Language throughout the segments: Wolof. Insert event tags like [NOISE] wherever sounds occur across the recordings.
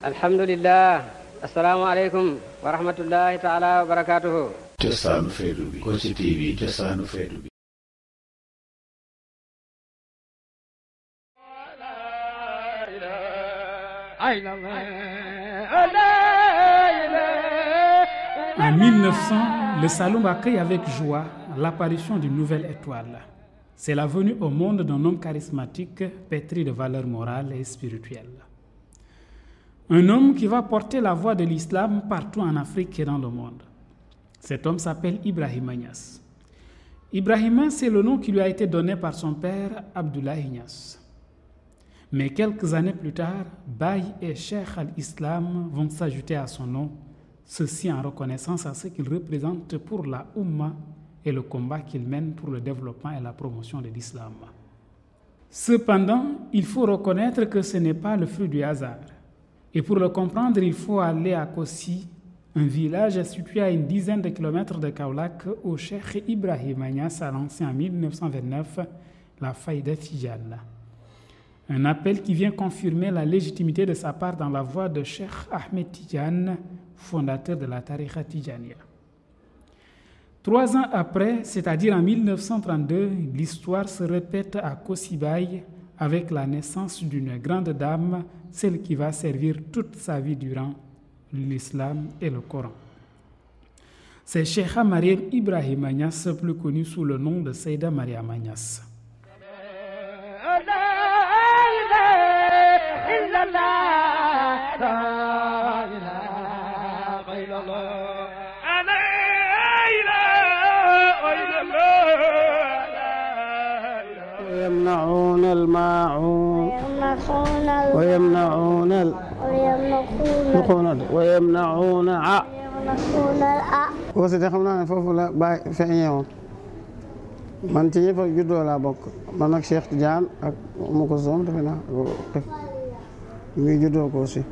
Assalamu wa rahmatullahi wa En 1900, le Saloum accueille avec joie l'apparition d'une nouvelle étoile. C'est la venue au monde d'un homme charismatique pétri de valeurs morales et spirituelles. Un homme qui va porter la voix de l'islam partout en Afrique et dans le monde. Cet homme s'appelle Ibrahim Agnès. Ibrahima, c'est le nom qui lui a été donné par son père Abdullah Ignas. Mais quelques années plus tard, Baye et Cheikh al-Islam vont s'ajouter à son nom, ceci en reconnaissance à ce qu'il représente pour la Ummah et le combat qu'il mène pour le développement et la promotion de l'islam. Cependant, il faut reconnaître que ce n'est pas le fruit du hasard. Et pour le comprendre, il faut aller à Kossi, un village situé à une dizaine de kilomètres de Kaulak, où Cheikh Ibrahim Agnès a lancé en 1929 la Faïda Tijan. Un appel qui vient confirmer la légitimité de sa part dans la voix de Cheikh Ahmed Tijan, fondateur de la Tariqa Tijania. Trois ans après, c'est-à-dire en 1932, l'histoire se répète à Kosibaï avec la naissance d'une grande dame celle qui va servir toute sa vie durant l'islam et le Coran. C'est Sheikha Mariam Ibrahim Agnès, plus connu sous le nom de Seyda Maria Agnès. ويمنعون الماعون ويمنعون ال ويمنعون ويمنعون ع wasite xam naa ne foofu la bàyyi feeñee woon man ci ñi fa juddoo laa bokk man ak Cheikh Tidiane ak mu ko soom defe naa ngi juddoo ko aussi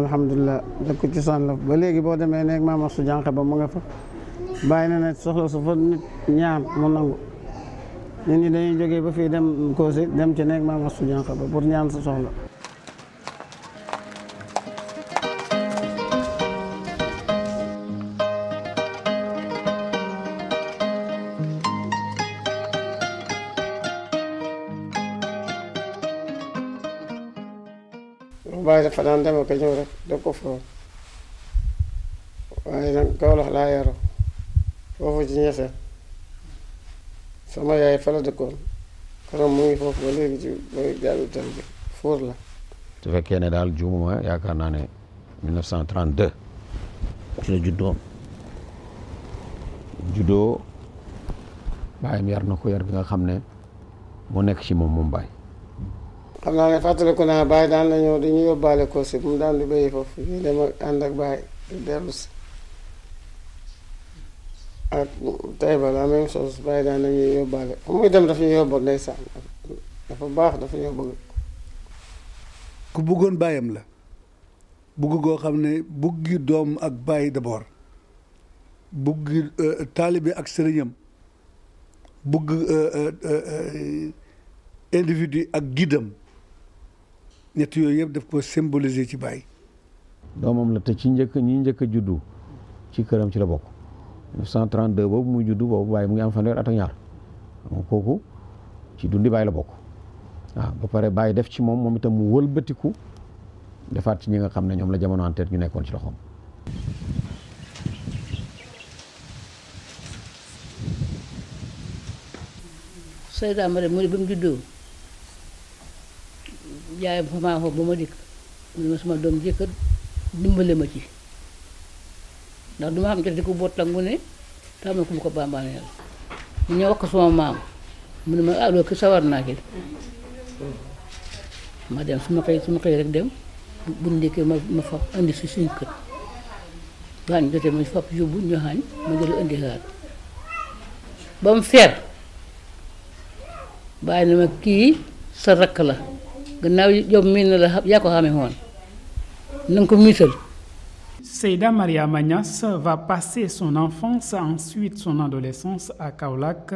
alhamdulilah dëkk cosaan la ba léegi boo demee neeg maama su jànq ba mu nga fa bàyyi na ne soxla su fa nit ñaan mu nangu nit ñi dañuy jógee ba fii dem Kossy dem ci nekk maam Astu Jànq ba pour ñaan sa soxla. waaye dafa daan dem ak ñëw rek da ko foon waaye nag Kawlax laa yaroo foofu ci ñeseen sama yaay fa la dëkkoon mu ngi foofu ba léegi ci mooy gaalu tan bi la su fekkee ne daal juumuma yaakaar naa ne 1932 ci la juddoo juddoo baayam yar na ko yar bi nga xam ne moo nekk ci moom moom baay xam naa ne fàttaliku naa baay daan na ñëw dañuy yóbbaale ko si mu daan di béyi foofu ñu dem ànd ak baay dellu si ak tey ba la même chose bàyyi daan nañuy yóbbaale fu muy dem dafa ñuy yóbbu ndeysaan dafa baax dafa ñoo bëgg. ku bëggoon bàyyam la bëgg goo xam ne bëggi doom ak bàyyi d'abord bëggi euh, taalibe ak sëriñam bëgg euh, euh, individu ak giddam ñett yooyu yëpp daf ko symboliser ci bàyyi. doomam la te ci njëkk ñi njëkk juddu ci këram ci la bokk. 1932 boobu muy juddu boobu bàyyi mu ngi am fanweer at ak ñaar kooku ci dundi bàyyi la bokk waaw ba pare bàyyi def ci moom moom itam mu wëlbatiku defaat ci ñi nga xam ne ñoom la jamono anteet ñu nekkoon ci loxoom. Seyda Mariam mu ne ba mu juddoo yaayam fa ba ma dikk mu ne ma sama doom jëkkër dimbale ma ci. ndax du ma am jot di ko boot ak mu ne te am na ku mu ko bambaaneel mu ñëw wax ko sama maam mu ne ma ah loolu sawar naa ci ma dem su ma xëy su ma xëy rek dem bu ndékkee ma ma fab indi si suñu kër baañ jël indi laat ba mu feer bàyyi na ma kii sa rakk la gannaaw yow miin na la yaa ko xamee woon na ko miisal Seyda Maria Magnas va passer son enfance, ensuite son adolescence à Kaolac,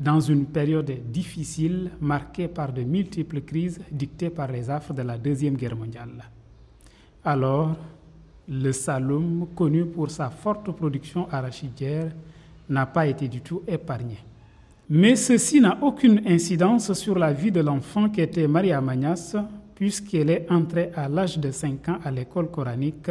dans une période difficile marquée par de multiples crises dictées par les affres de la Deuxième Guerre mondiale. Alors, le Saloum, connu pour sa forte production arachidière, n'a pas été du tout épargné. Mais ceci n'a aucune incidence sur la vie de l'enfant qui était Maria Magnas, puisqu'elle est entrée à l'âge de 5 ans à l'école coranique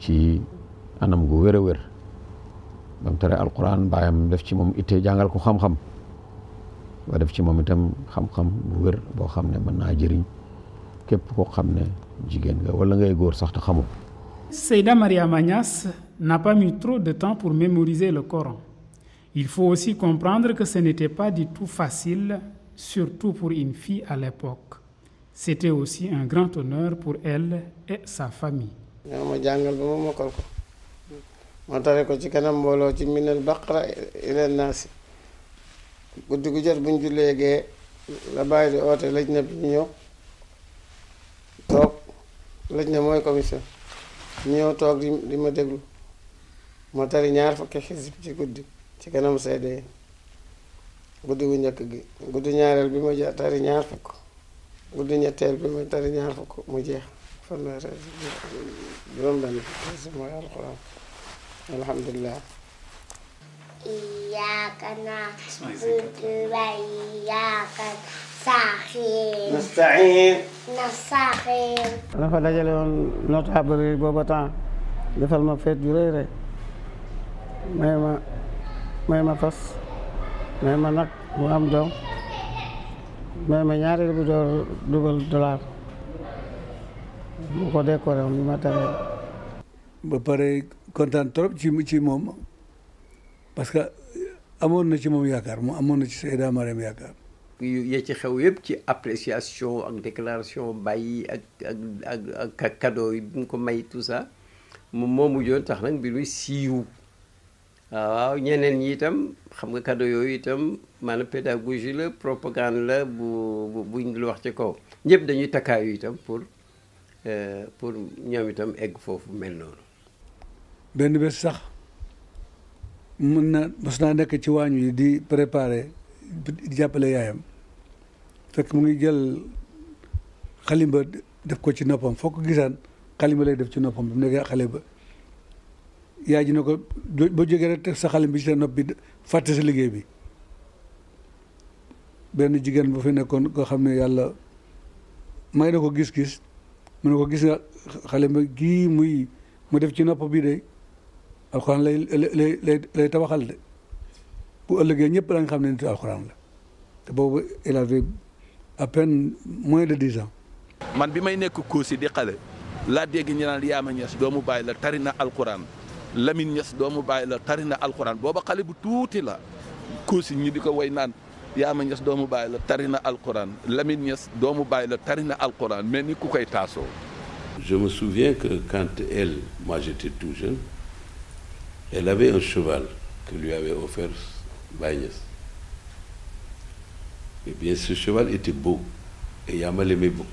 ci anam gu wéré a wér ba mu tere alquran baayam def ci mom ité jangal ko xam-xam ba def ci mom itam xam-xam bu wér bo xamné ne mën jëriñ képp ko xamné ne nga wala ngay goor sax ta xamul. Seyda Mariama Niass n'a pas mis trop de temps pour mémoriser le Coran. Il faut aussi comprendre que ce n'était pas du tout facile, surtout pour une fille à l'époque. C'était aussi un grand honneur pour elle et sa famille. ñoo ma jàngal ba ma mokkal ko ma tari ko ci kanam mbooloo ci minal baqara ilal naasi guddi gu jot buñ jullee gee la bàyyi di oote lëj na bi ñu ñëw toog lëj na mooy commission ñu ñëw toog di ma déglu moo tari ñaar fukk xisib ci guddi ci kanam seede yi guddi gu njëkk gi guddi ñaareel bi ma tari ñaar fukk guddi ñetteel bi ma tari ñaar fukk mu jeex القرآن الحمد لله إياك نعبد وإياك نستعين نستعين نستعين أنا فلاجل يوم ببطان defal ma feet ju rëy rëy may ma may ma fas may ma nag mu am بجور دوبل دولار mu ko décoré woon bi ma taree ba pare kontaan trop ci ci moom parce que amoon na ci moom yaakaar mu amoon na ci Seyda Mariam yaakaar ya ci xew yëpp ci appréciation ak déclaration bàyyi ak ak ak cadeau yi bi mu ko may tout moom moo mujjoon tax nag mbir mi siiw waaw ñeneen ñi itam xam nga cadeau yooyu itam maanaam pédagogie la propagande la bu bu buñ lu wax ci kaw ñëpp dañuy takkaayu itam pour pour ñoom itam egg foofu mel noonu. benn bés sax mën na mos naa nekk ci waañ wi di préparer di jàppale yaayam fekk mu ngi jël xalimba def ko ci noppam fokk ko gisaan xalimba lay def ci noppam bi mu nekkee xale ba yaay ji ne ko ba jógee rek teg sa xalim bi ci sa nopp bi fàtte sa liggéey bi benn jigéen bu fi nekkoon koo xam ne yàlla may na ko gis-gis mu ne ko gis na xale ma gii muy mu def ci nopp bi de alxuraan lay lay tabaxal de bu ëllëgee ñëpp da xam ne nitu alxuraan la te boobu il avait à peine moins de dix ans. man bi may nekk Kossy di xale laa dégg ñu naan Yaama Ñas doomu bàyyi la tari na alxuraan Lamine Ñas doomu bàyyi la tari na alxuraan boobu xale bu tuuti la Kossy ñi di ko woy naan. Je me souviens que quand elle, moi j'étais tout jeune, elle avait un cheval que lui avait offert baynes Et eh bien ce cheval était beau et Yama l'aimait beaucoup.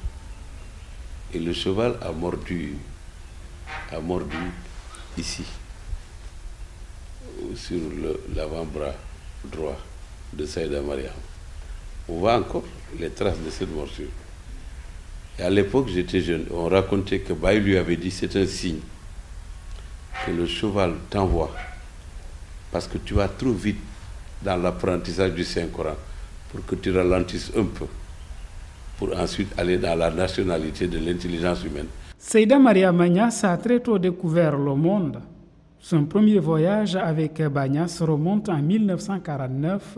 Et le cheval a mordu, a mordu ici, sur l'avant-bras droit de Saïda Mariam. On voit encore les traces de cette morsure. Et à l'époque, j'étais jeune, on racontait que Baï lui avait dit c'est un signe que le cheval t'envoie parce que tu vas trop vite dans l'apprentissage du Saint-Coran pour que tu ralentisses un peu pour ensuite aller dans la nationalité de l'intelligence humaine. Saïda Maria Magnas a très tôt découvert le monde. Son premier voyage avec Bagnas remonte en 1949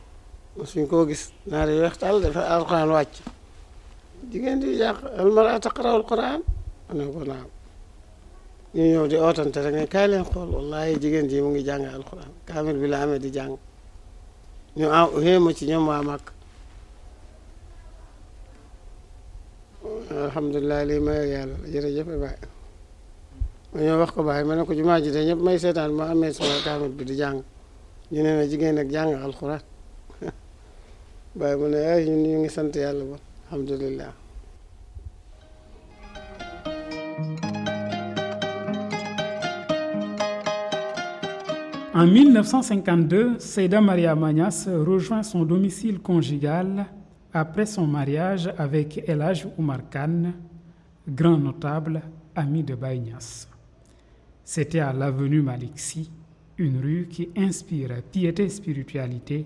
وسن كوغس ناري يختال دفع القرآن واج جيجين دي جاق المرأة تقرأ القرآن أنا أقول نعم ني دي أوتان ترغي كالين قول والله جيجين دي مونجي جانغ القرآن كامل بلا عمد جانغ ني أو هي موشي نيو مامك الحمد لله لي ما يال جيري جيف باي أنا واخ باي مانكو جماجي دي نيب ماي سيتان ما امي سوال كامل بي دي جانغ ني نينا جيجين القرآن En 1952, Seyda Maria Magnas rejoint son domicile conjugal après son mariage avec Elage Oumar Khan, grand notable, ami de Baïnias. C'était à l'avenue Malixi, une rue qui inspire piété et spiritualité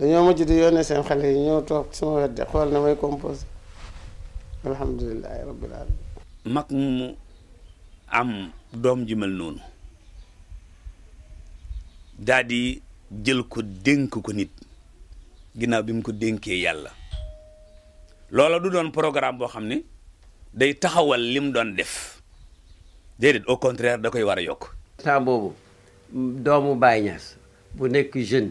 dañoo mujj di yónnee seen xale yi ñëw toog sama wet xool na may composé alhamdulilahi rabbil alamin mag mu am doom ji mel noonu daal jël ko dénk ko nit ginnaaw bi mu ko dénkee yàlla loola du doon programme boo xam ni day taxawal lim doon def déedéet au contraire da koy war a yokk temps boobu doomu Baye Niass bu nekk jeune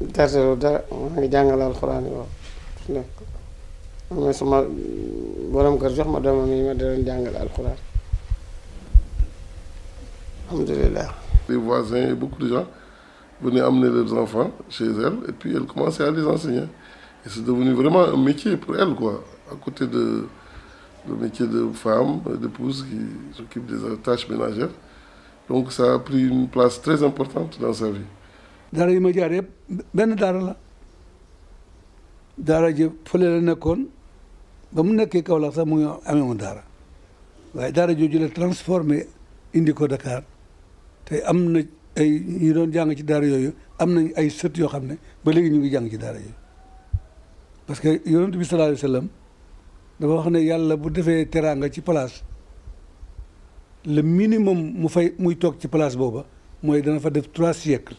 les voisins et beaucoup de gens venaient amener leurs enfants chez elle et puis elle commençaient à les enseigner et c'est devenu vraiment un métier pour elle, quoi à côté de le métier de femme d'épouse qui s'occupe des tâches ménagères donc ça a pris une place très importante dans sa vie. daara yi ma jaar yëpp benn daara la daara ji fële la nekkoon ba mu nekkee Kaolack sax mu ngi amee woon daara waaye daara jooju la transformé indi ko dakaar te am na ay ñi doon jàng ci daara yooyu am nañ ay sët yoo xam ne ba léegi ñu ngi jàng ci daara yooyu parce que yonent bi sallallahu alayhi wa dafa wax ne yàlla bu defee teraanga ci place le minimum mu fay muy toog ci place booba mooy dana fa def trois siècles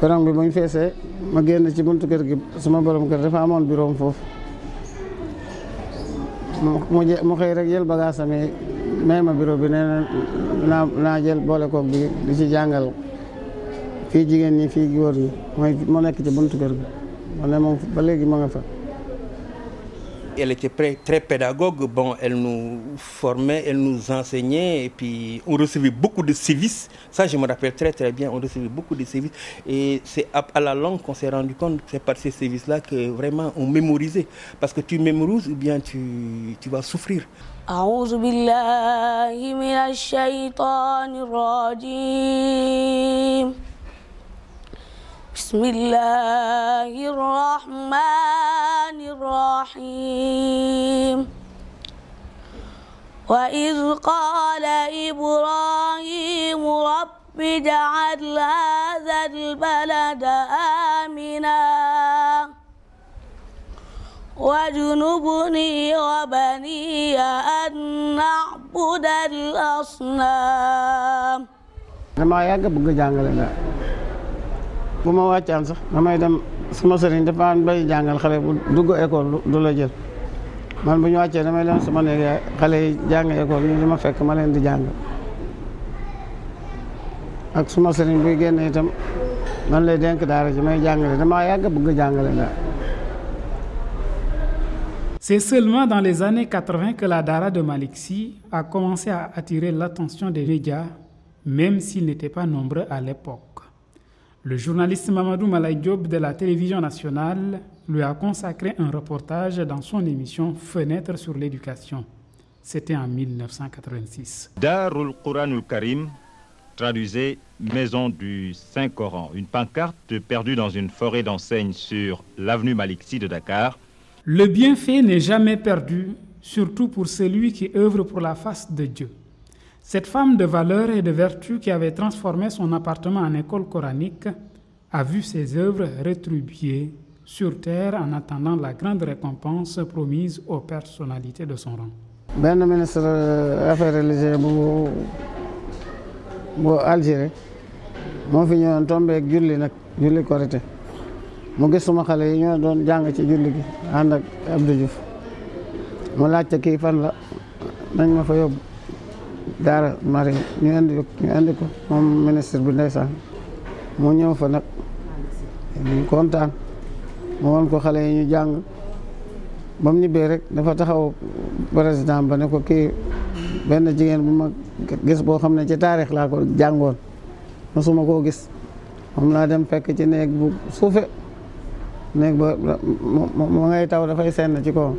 perron bi buñ feesee ma génn ci buntu kër gi sama borom kër dafa amoon bureau foofu mu xëy rek jël bagage am yi may ma bureau bi nee naa jël boole koog bi di ci jàngal fii jigéen ñi fii góor ñi mooy moo nekk ci buntu kër gi ma ne moom ba léegi ma fa elle était très, pédagogue. Bon, elle nous formait, elle nous enseignait. Et puis, on recevait beaucoup de services. Ça, je me rappelle très, très bien. On recevait beaucoup de services. Et c'est à, la langue qu'on s'est rendu compte que c'est par ces services-là que vraiment on mémorisait. Parce que tu mémorises ou bien tu, tu vas souffrir. بسم الله الرحمن الرحيم وإذ قال إبراهيم رب اجعل هذا البلد آمنا واجنبني وبني أن نعبد الأصنام ما buma waccan sax damay dem sama serigne dafa bay jangal xalé bu dugg école du la jël man bu ñu wàccee damay dem sama néeg xalé xale yi jàng école ñu dama fekk ma leen di jàngal ak sama serigne buy génné itam man lay denk dara ji may jàngale dama yàgg bëgg jàngale daal. C'est seulement dans les années 80 que la Dara de Malick a commencé à attirer l'attention des médias, même s'ils n'étaient pas nombreux à l'époque. Le journaliste Mamadou Malay Diop de la télévision nationale lui a consacré un reportage dans son émission Fenêtre sur l'éducation. C'était en 1986. Darul Quranul Karim traduisait Maison du Saint-Coran, une pancarte perdue dans une forêt d'enseigne sur l'avenue Malixi de Dakar. Le bienfait n'est jamais perdu, surtout pour celui qui œuvre pour la face de Dieu. Cette femme de valeur et de vertu qui avait transformé son appartement en école coranique a vu ses œuvres rétribuées sur terre en attendant la grande récompense promise aux personnalités de son rang. Le ben ministre euh, affaires religieuses bu Algérie moo fi ñëwoon ak julli nak julli korité mu gis suma xalé yi ñoo doon jàng ci julli gi and ak Abdou Diouf mu laajte kii fan la nañ ma fa yóbbu daara mari ñu indi ñu indi ko moom ministre bi ndeysaan mu ñëw fa nag kontaan mu won ko xale yi ñu jàng ba mu ñibbee rek dafa taxaw président ba ne ko kii benn jigéen bu ma gis boo xam ne ci taarix laa ko jàngoon suma koo gis moom laa dem fekk ci néeg bu suufe néeg ba mu ngay taw dafay senn ci kaw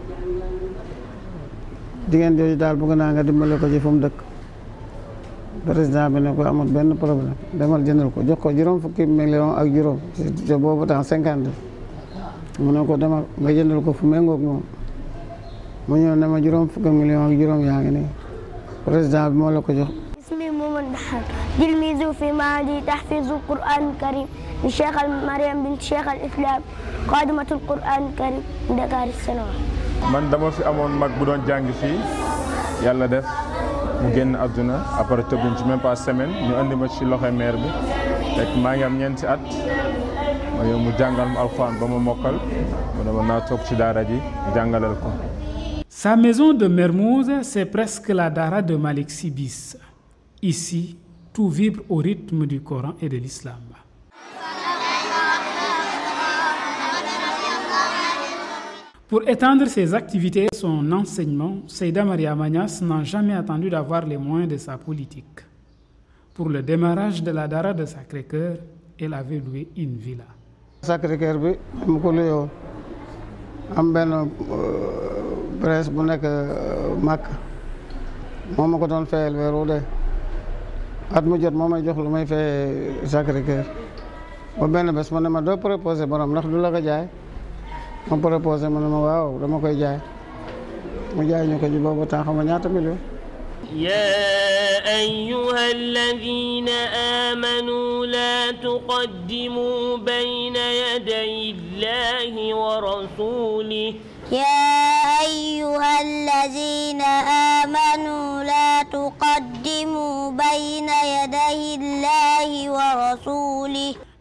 jigéen jooju daal bëgg naa nga dimbale ko ci fu mu dëkk président bi ne ko amul benn problème demal jëndal ko jox ko juróom fukki million ak juróom te boobu temps cinquante mu ne ko demal nga jëndal ko fu méngoog moom mu ñëw ne ma juróom fukki million ak juróom yaa ngi nii président bi moo la ko jox ismi Momad Dahar jilmizu fi maadi tahfizu Qur'an karim min cheikh al Mariam bin cheikh al islam qadimatul Qur'an karim Dakar man dama fi amoon mag bu doon jàng fii yàlla def Sa maison de Mermouze, c'est presque la dara de Malik Sibis. Ici, tout vibre au rythme du Coran et de l'islam. Pour étendre ses activités et son enseignement, Seyda Maria Magnas n'a jamais attendu d'avoir les moyens de sa politique. Pour le démarrage de la Dara de Sacré-Cœur, elle avait loué une villa. Sacré-Cœur, oui, am benn euh, presse bu nekk a moom presse ko doon fayal weer wu dee at mu jot moo may jox lu may fayee Sacré-Cœur ba benn bés ma ne ma doo proposé borom ndax du la ko ma proposé ma ne ma waaw dama koy jaay mu jaay ñu ko ji boobu temps xam nga ñaata million يا أيها الذين آمنوا لا تقدموا بين يدي الله ورسوله يا أيها الذين آمنوا لا تقدموا بين يدي الله ورسوله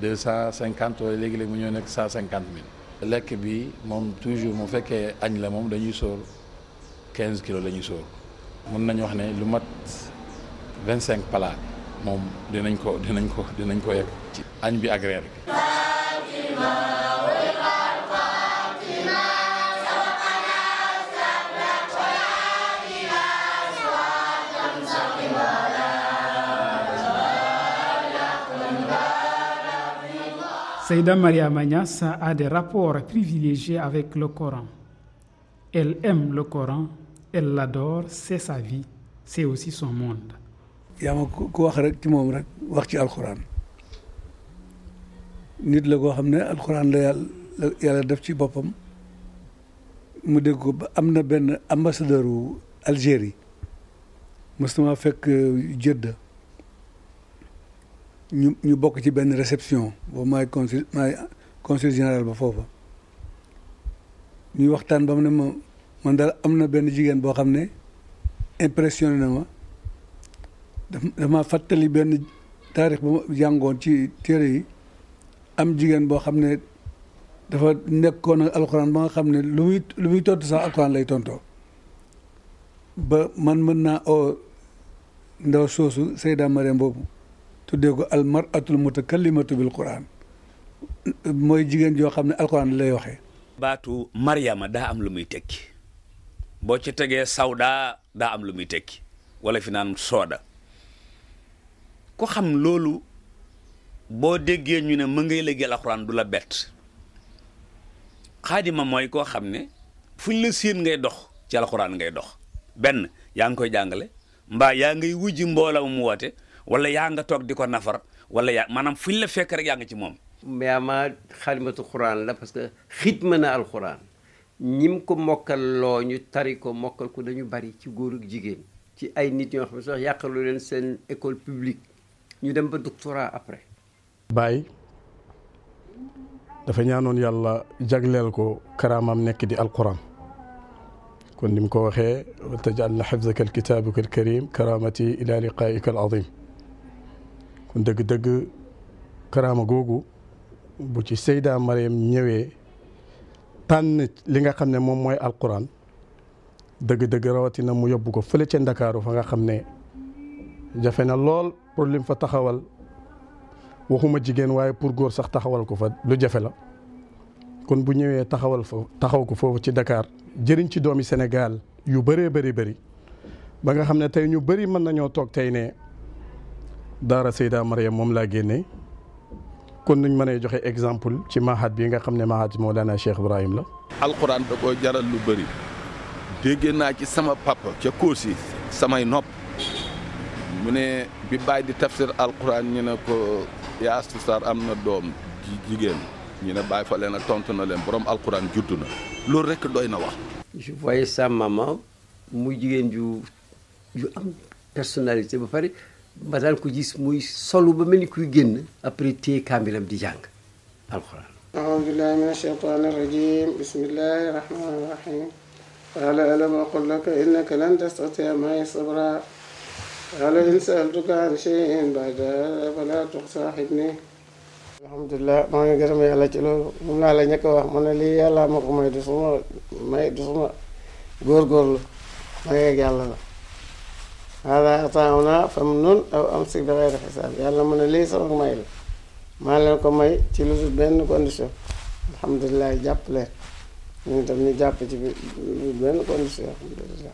deux cinquante wala léegi-léegi mu ñëw nekk cent cinquante mille. lekk bi moom toujours mu fekkee añ la moom dañuy sóor quinze kilos la ñuy sóor mun nañu wax ne lu mat vingt cinq palaat moom dinañ ko dinañ ko dinañ ko yegg ci añ bi ak reer bi. Saïda Maria Magnas a des rapports privilégiés avec le Coran. Elle aime le Coran, elle l'adore, c'est sa vie, c'est aussi son monde. Je ku ku wax rek ci je rek wax ci alxuraan nit la koo xam ne alxuraan la yàlla yàlla def ci boppam mu dégg ko ba am na benn ambassadeur wu Algérie mosuma fekk Jedda ñu ñu bokk ci benn réception boobu maay consul maay consul général ba foofa ñuy waxtaan ba mu ne ma man daal am na benn jigéen boo xam ne impression na ma daf ma fàttali benn taarix bu ma jàngoon ci téere yi am jigéen boo xam ne dafa nekkoon ak alxuraan ba nga xam ne lu muy lu muy tontu sax alxuraan lay tontoo ba man mën naa oo ndaw soosu Seyda Mariam boobu tuddee ko al mar'atul mutakallimatu bil quran mooy jigéen joo xam ne alquran lay waxe baatu Maryama daa am lu muy tekki boo ci tegee sawda daa am lu muy tekki wala fi naan sooda ku xam loolu boo déggee ñu ne ma ngay liggéeyal alquran du la bett xaadima mooy koo xam ne fuñ la siin ngay dox ci alquran ngay dox benn yaa ngi koy jàngale mbaa yaa ngay wujji mboola mu woote ولا يا نغا توك ديكو نفر ولا يا مانام فين لا فيك رك ياغي سي موم مي اما القران لا باسكو خدمنا القران نيم كو موكال لو ني تاريكو موكال نيو باري سي غور اك جيجين سي اي نيت يو خم سوخ ياخلو لين سين ايكول بوبليك ني ديم با دكتورا باي دا فا نيانون يالا جاغليل كو كرامام نيك دي القران كون نيم كو حفظك الكتاب الكريم كرامتي الى لقائك العظيم dëgg-dëgg karaama googu bu ci seydaa Mariam ñëwee tànn li nga xam ne moom mooy alquran dëgg-dëgg rawatina mu yóbbu ko fële ca Ndakaaru fa nga xam ne jafe na lool pour lim fa taxawal waxuma jigéen waaye pour góor sax taxawal ko fa lu jafe la kon bu ñëwee taxawal fa taxaw ko foofu ci ndakaar jëriñ ci doomi Sénégal yu bëree bëri bëri ba nga xam ne tey ñu bëri mën nañoo toog tey ne daara Seyda Mariam moom laa génne kon nuñ mënee joxe exemple ci mahad bi nga xam ne mahad Mawlana Cheikh Ibrahim la. alxuraan da koo jaral lu bëri dégg naa ci sama papa ca Koosi samay nopp mu ne bi bàyyi di tafsir alxuraan ñu ne ko Yaasu Sarr am na doom ji jigéen ñu ne bàyyi fa leen ak tontu na leen boroom alxuraan juddu na loolu rek doy na wax. je voyais sa maman muy jigéen ju ju am personnalité ba pare. ba daan ko gis muy solu ba mel ni kuy génn après téye kaamilam di jàng alxuraan أعوذ بالله من الشيطان الرجيم بسم الله الرحمن الرحيم قال ألم أقل لك إنك لن تستطيع معي صبرا قال إن سألتك عن شيء بعد فلا تصاحبني alhamdulilah maa ngi gërëm yàlla ci loolu moom laa wax هذا أعطاه هنا فمنون أو أمسك بغير حساب يلا من ليس رغم إلا ما لكم أي تلوز بين كونديشن الحمد لله جاب له نقدر نجاب بين كونديشن الحمد لله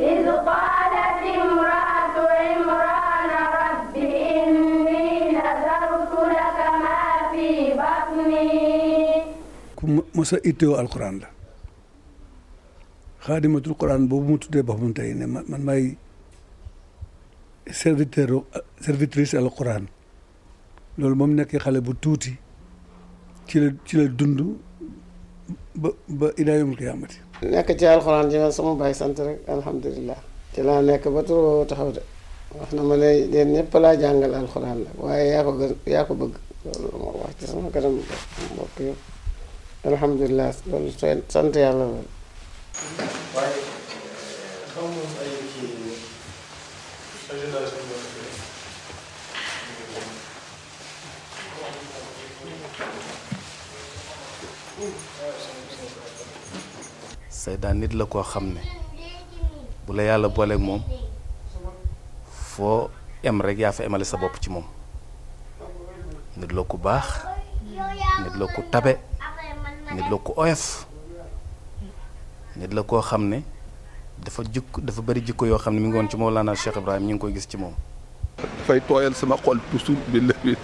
إذ قالت امرأة عمران رب إني نذرت لك ما في بطني مسا إتو القرآن لا خادمة القرآن بموت ده بهم تاني من ماي serviteur servitrice alquran loolu moom nekk xale bu tuuti ci la ci la dund ba ba ilaa yawmil qiyaamati nekk ci alquran ji man sama baay sant rek alhamdulilah ci laa nekk ba turoo taxaw de wax na ma ne leen ñëpp laa jàngal alquran la waaye yaa ko gën yaa ko bëgg loolu moo wax ci sama kanam mbokk yëpp alhamdulilah loolu sant yàlla loolu waaye xaw ma ay kii agendaay suñu nit la koo xam ne bu la yàlla booleek moom foo em rek yaa fa emale sa bopp ci moom nit la ku baax nit la ku tabe nit la ku oyof nit la koo xam ne dafa jikko dafa bëri jikko yoo xam mi ngi won ci Mawlana Cheikh Ibrahim ñu ngi koy gis ci mom fay toyal sama xol toujours billaahi.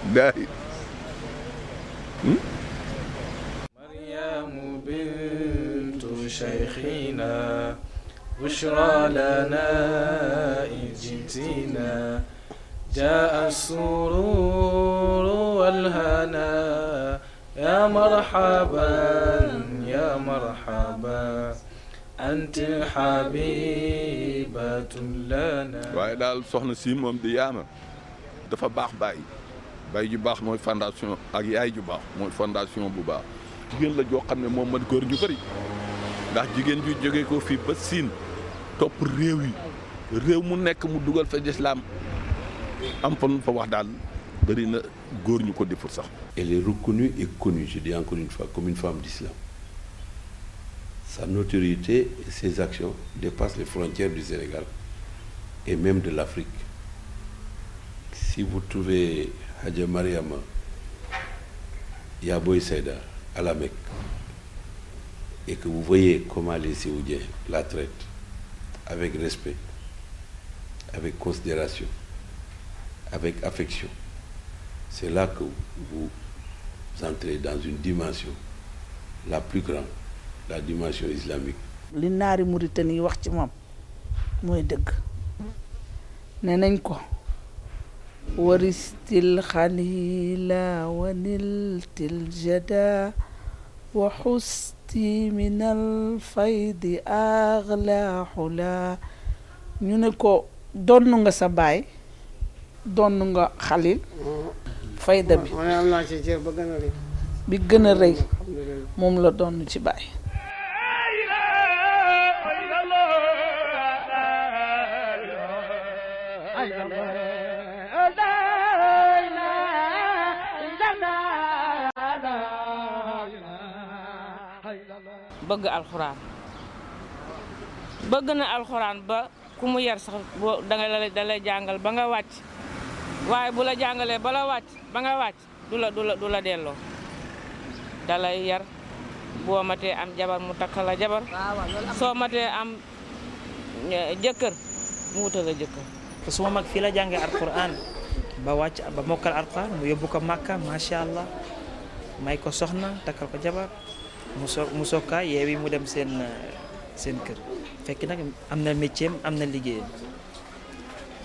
Maryamu bintu Cheikhina bushra lana ijtina jaa as-sururu wal-hana ya marhaban ya marhaban anti habibatun lana waaye daal soxna si moom di yaama dafa baax bàyyi bàyyi ju baax mooy fondation ak yaay ju baax mooy fondation bu baax jigéen la joo xam ne moom man góor ñu bëri ndax jigéen ju jóge ko fii ba siin topp réew yi réew mu nekk mu dugal fa lislaam am fa mu fa wax daal bëri na góor ñu ko deful sax elle est reconnue et connue je dis encore une fois comme une femme sa notoriété et ses actions dépassent les frontières du Sénégal et même de l'Afrique. Si vous trouvez Hadja Mariama Yaboy Saida à la Mecque et que vous voyez comment les Séoudiens la traitent avec respect, avec considération, avec affection, c'est là que vous entrez dans une dimension la plus grande la dimension islamique. li naari Mauritanie yi wax ci moom mooy dëgg ne nañ ko waristil xalila waniltil jada wa xusti min alfaydi axla xula ñu ne ko donn nga sa baay donn nga xalil fayda bi bi gën a rëy moom la donn ci baay bëgg alxuraan bëgg na alxuraan ba ku mu yar sax boo danga jàngal ba nga wàcc waaye bu la jàngalee bala la wàcc ba nga wàcc du la du du la delloo dalay lay yar boo matee am jabar mu takk la jabar soo matee am e, jëkkër mu wutal la jëkkër su ma mag fii la jàngee alxuraan ba wàcc ba mokkal alxuraan mu yóbbu ko màkka macha allah may ko soxna takkal ko jabar musoka yewi eh, mu dem sen eh, sen keur fekk nak amna métier am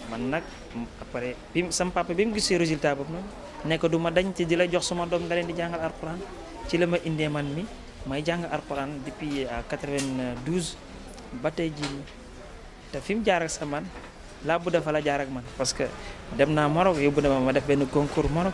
man nak après bim sam papa bim mu résultat bop non ne ko duma dañ ci dila jox suma dom dalen di jangal alcorane ci lama indé man mi may jang alcorane depuis 92 batay ji ta fim jaar ak sama man bu dafa la jaar ak man parce que dem na Maroc yobuna ma def ben concours Maroc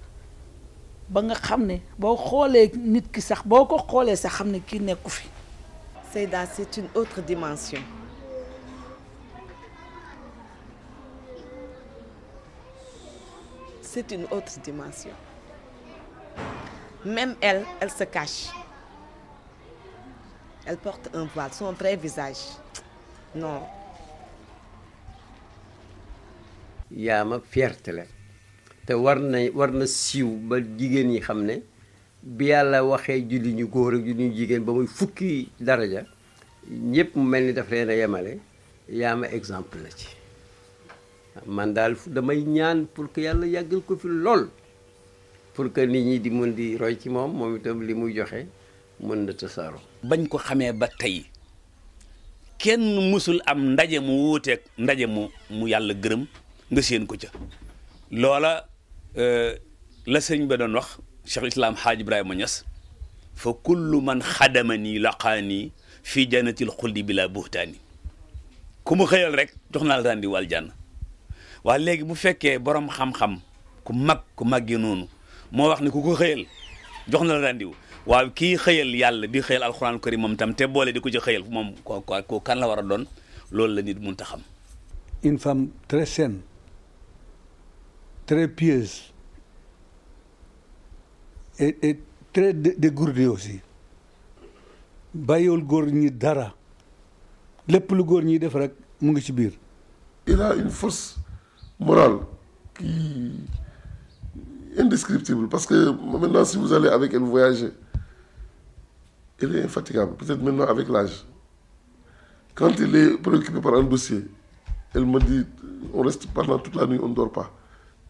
ba nga nit ki sax sax Seyda c'est une autre dimension c'est une autre dimension même elle elle se cache elle porte un voile son vrai visage non a ma fierté te war na war na siiw ba jigéen ñi xam ne bi yàlla waxee julli ñu góor ak julli ñu jigéen ba muy fukki daraja ñëpp mu mel ni daf reen a yemale yaa ma exemple la ci man daal damay ñaan pour que yàlla yàggal ko fi lool pour que nit ñi di mën di roy ci moom moom itam li muy joxe mën na tasaaroo. bañ ko xamee ba tey kenn mësul am ndaje mu wuuteeg ndaje mu mu yàlla gërëm nga séen ko ca loola la sëñ ba doon wax Cheikh Islam Haaj Ibrahima Niass fa kullu man xadama laqani fi fii jannatil xuldi bila buhtani ku mu xëyal rek jox naa la daan di wàll jànn waa léegi bu fekkee borom xam-xam ku mag ku màggee noonu moo wax ni ku ko xëyal jox na la daan diw waaw kii xëyal yàlla di xëyal alquran karim moom tam te boole di ko ci xëyal moom ko ko kan la war a doon loolu la nit mun ta xam. une femme très saine. très pieuse et, très dégourdie aussi dara il a une force morale qui indescriptible parce que maintenant si vous allez avec elle voyager elle est infatigable peut-être maintenant avec l'âge quand elle est préoccupée par un dossier elle me dit on reste pendant toute la nuit on ne dort pas.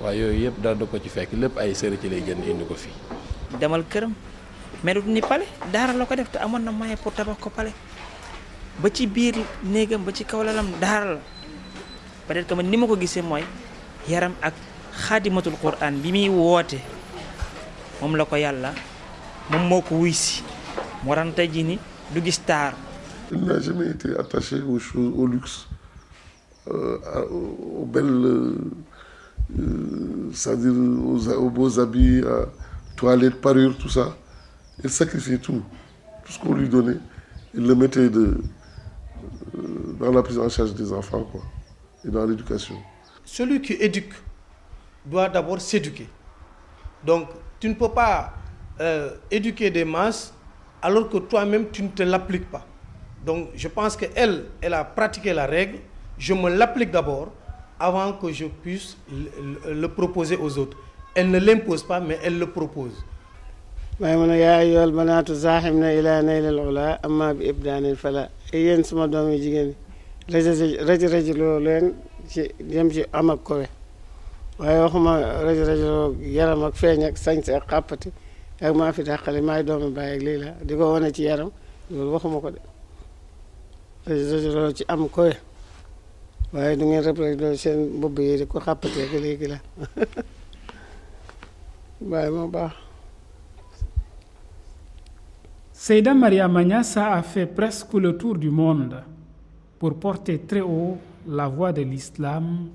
waaye yooyu yëpp dara da ko ci fekk lépp ay sëri ci lay génn indi ko fii. demal këram melut ni pale daara la ko def te amoon na moyen pour tabax ko pale ba ci biir néegam ba ci kaw lalam daara la peut-être que ni ma ko gisee mooy yaram ak xaadimatul quran bi muy woote moom la ko yàlla moom moo ko wuy si moo tax jii ni du gis taar. il n'a jamais été attaché aux au luxe euh, aux belles. Euh, Euh, c'est-à-dire aux, beaux habits, à toilettes, parures, tout ça. Il sacrifiait tout, tout ce qu'on lui donnait. Il le mettait de, euh, dans la prise en charge des enfants quoi, et dans l'éducation. Celui qui éduque doit d'abord s'éduquer. Donc, tu ne peux pas euh, éduquer des masses alors que toi-même, tu ne te l'appliques pas. Donc, je pense qu'elle, elle a pratiqué la règle. Je me l'applique d'abord avant que je puisse le, le, le proposer aux autres. Elle ne l'impose pas, mais elle le propose. maymuna yaa yool banaatu zaaxim na ilaa naylal ula amma bi ibdaanin fala eh, yéen suma doom yu jigéen yi rajo rajo loo leen ci dem ci am ak kowe waaye waxuma rajo rajo yaram ak feeñ ak sañse ak xàppati ak maa fi dàqale maay doomi bàyyi ak lii la di ko wane ci yaram loolu waxuma ko de rajo rajo loo ci am kowe waaye Maria ngeen a fait presque le tour du monde pour porter très haut la voix de l'islam,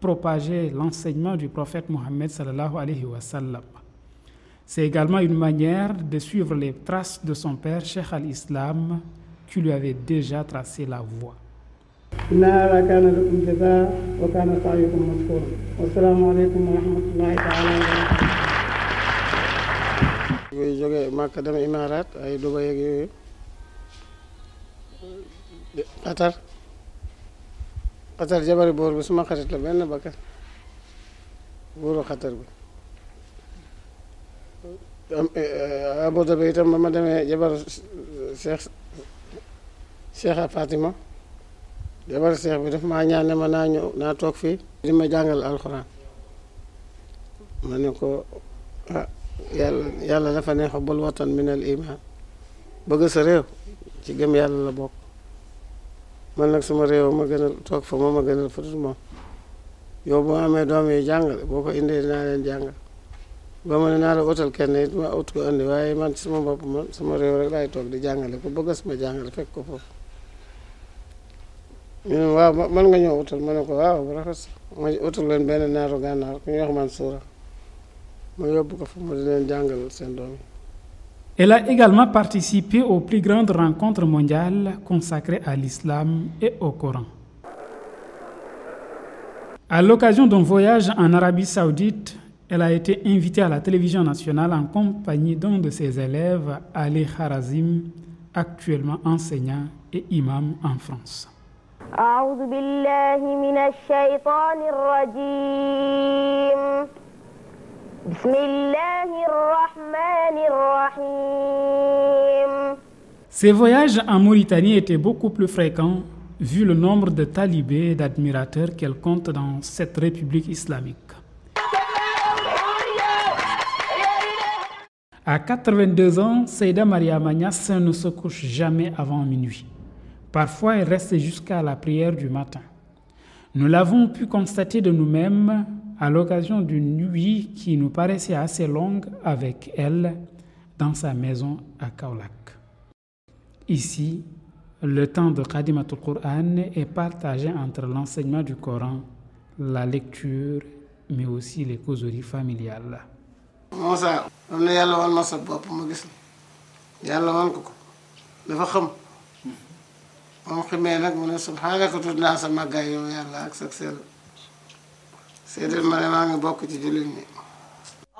propager l'enseignement du prophète Mohammed sallallahu alayhi wa sallam. C'est également une manière de suivre les traces de son père, Cheikh al-Islam, qui lui avait déjà tracé la voie. inna hada kaana lakum jazaa wa kaana sa'yukum mashkuura wassalaamu aleykum wa rahmatullahi taala wa barakaatu buy jógee Màkka dem Imaaraat ay Dubai ak yooyu Qatar Qatar jabari buur bi suma xarit la benn bakkat buuru Qatar bi eh, eh, Abu Dhabi itam ba ma demee jabar Cheikh Cheikha Fatima jabar seex bi daf maa ñaan ne ma naa ñëw naa toog fii di ma jàngal alxuraan ma ne ko ah yàlla yàlla dafa ne xubbul watan min al iman bëgg sa réew ci gëm yàlla la bokk man nag sama réew ma gënal toog fa moom ma gënal fa moom yow boo amee doom yi jàngale boo ko indee dinaa leen jàngal ba ma ne naa la utal kenn it ma ut ko andi waaye man suma bopp man sama réew rek laay toog di jàngale ko bëgg sama jàngale fekk ko foofu Elle a également participé aux plus grandes rencontres mondiales consacrées à l'islam et au Coran. À l'occasion d'un voyage en Arabie saoudite, elle a été invitée à la télévision nationale en compagnie d'un de ses élèves, Ali Harazim, actuellement enseignant et imam en France. Ses voyages en Mauritanie étaient beaucoup plus fréquents vu le nombre de talibés et d'admirateurs qu'elle compte dans cette république islamique. À 82 ans, Seyda Maria Magnas ne se couche jamais avant minuit. Parfois, elle reste jusqu'à la prière du matin. Nous l'avons pu constater de nous-mêmes à l'occasion d'une nuit qui nous paraissait assez longue avec elle dans sa maison à Kaolak. Ici, le temps de Khadimatul Quran est partagé entre l'enseignement du Coran, la lecture, mais aussi les causeries familiales. moom ximee nag mu ne subhaanaka tudd naa sa màggaay yow yàlla ak sa sell seedeel ma ne maa ngi bokk ci jullit ñi